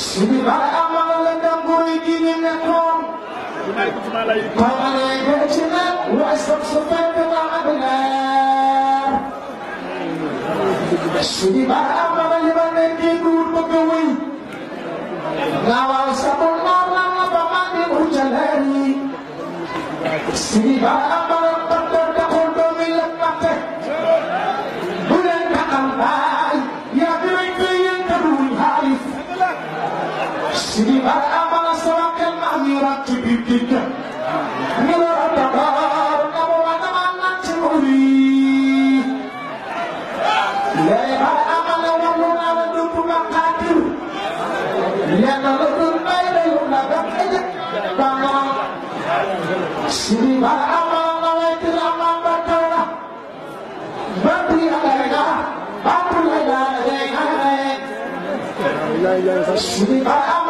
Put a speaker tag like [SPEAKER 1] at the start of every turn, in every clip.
[SPEAKER 1] Sibah amal lembang kini nekong. Kau ada yang bersinar, wasap sepet kau ada. Sibah amal lembang kini kurung kau ini.
[SPEAKER 2] Nawal sabun malam apa mandi hujan hari.
[SPEAKER 1] Sibah Shri Ram.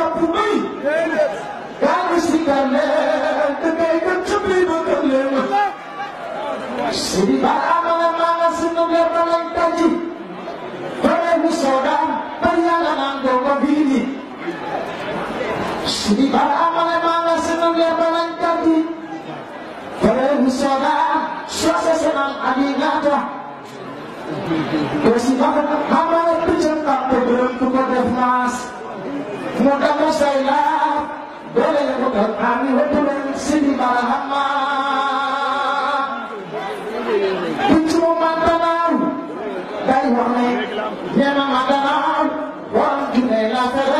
[SPEAKER 1] jàpp mbay. gaa ngi si gàllankoor te ngay gën ca mbay ba gën leen. Sëriñ Ba amala maa nga si nu leer ba lay tàjji. doole mu soodaan ba yàlla naan dongo bii nii. Sëriñ Ba amala maa nga si nu leer ba lay tàjji. doole mu soodaan soose si naan ami ñaata. mu damu sayla dole mu dam ami hotuna
[SPEAKER 2] sidi barahama bitu
[SPEAKER 1] mandanaw day wax ne yema mandanaw wan junay la fere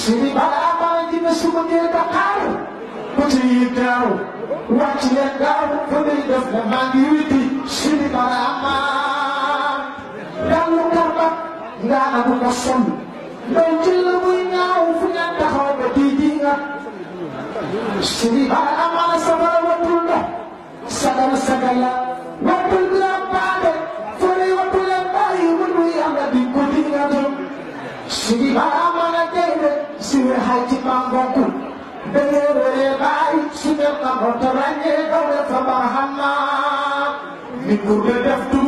[SPEAKER 1] sëriñ Ba la amaat ji suba ngeen ba ci yéen gaaw wàcc leen gaaw ba ngay def ne maa ngi witti sëriñ Ba la amaat. daal lu karbat amu nga sonn mais muy ñaaw fu ngeen taxaw ba di di nga. sëriñ Ba la amaat sa sagal sagal sidi bara mana dende sini hayti mamboku belewele baari sine mambo to ranye dawde fa barhamma min ɓurɓe deftu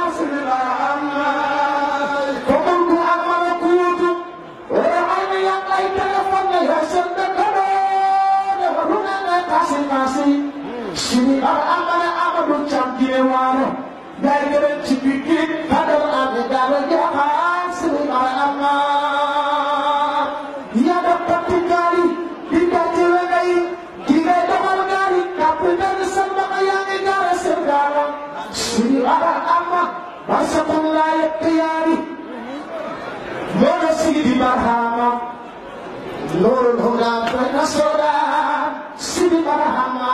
[SPEAKER 1] asadullahi alxiyaari loolu sidi barhama loolu huda bayna soda sidi barhama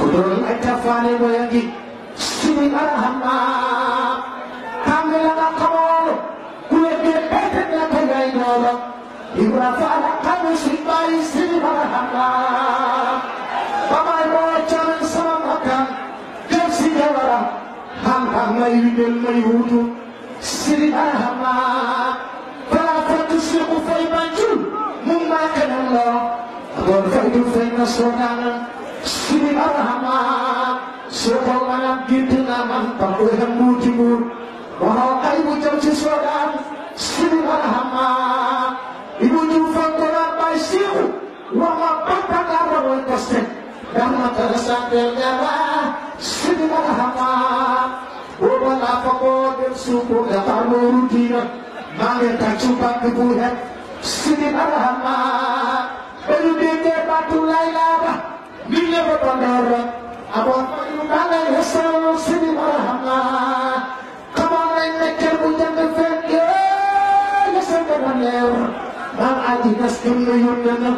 [SPEAKER 1] Kudurun aja fani boyangi sini arahama kamela na kamolo kule ke pete na kaya inolo ibra fala kanu sibai sini arahama may windeel may wuutu Sëriñ Barhama balaa fekk Seexu Fay Banjul mu maa kanam la doon fay du fay na soo naanam Sëriñ Barhama soo ko maanaam gént naa man par wéram muuti muur waxaw ay bu jëm ci soo daan Sëriñ Barhama ibu ñu fekk naa bay Seexu wax ma bàttaakaar la mooy kaste ndax ma tara santeel ñaar Sëriñ Barhama fa koo dem suuko e xarnooru diina maa ngi tàccu bàkk bu xet sidin arahama ba ñu déggee baatu lay laaba nit ña ba bandoor rek amoon fayu maa ngay xesal sidin arahama xamoon nañ ne kër bu njëkk fekkee la sa dana leer maam aji nas gëm na yónne na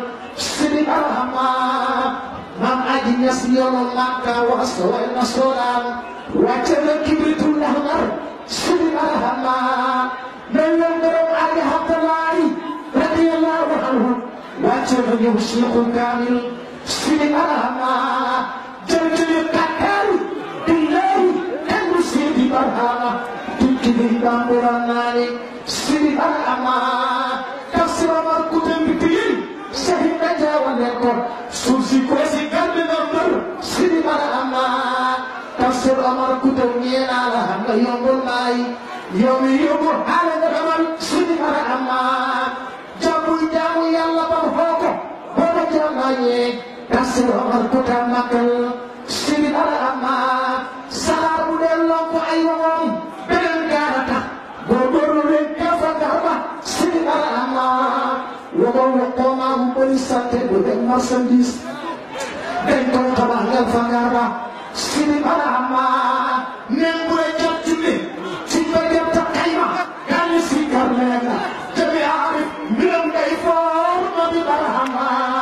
[SPEAKER 1] maam aji ñas yoonu Makka waso way na sooraan wàcce na kibritul ahmar sudi arhama mel na borom ali abdalahi radiyallahu anhu wàcce na ñëw Cheikhul Kamil sudi arhama jëntëli takkaari billahi kandu sidi barhama tukkibiri bamburan naani sudi arhama tafsira mar kutembi tiyin sahi najaawa nekkoon suuf si القمر كتمين على هم يوم الماي يوم يوم على القمر سنمر أما جابوا جابوا يلا بفوق بنا جمعي تسير عمر كتمكل سنمر أما سار بدل لك أيوم بدل كارتا غبر لك فكرة سنمر أما وقوم قوم بلسات بدل مرسندس Dentro trabajar la fangarra, sin embargo. Mama.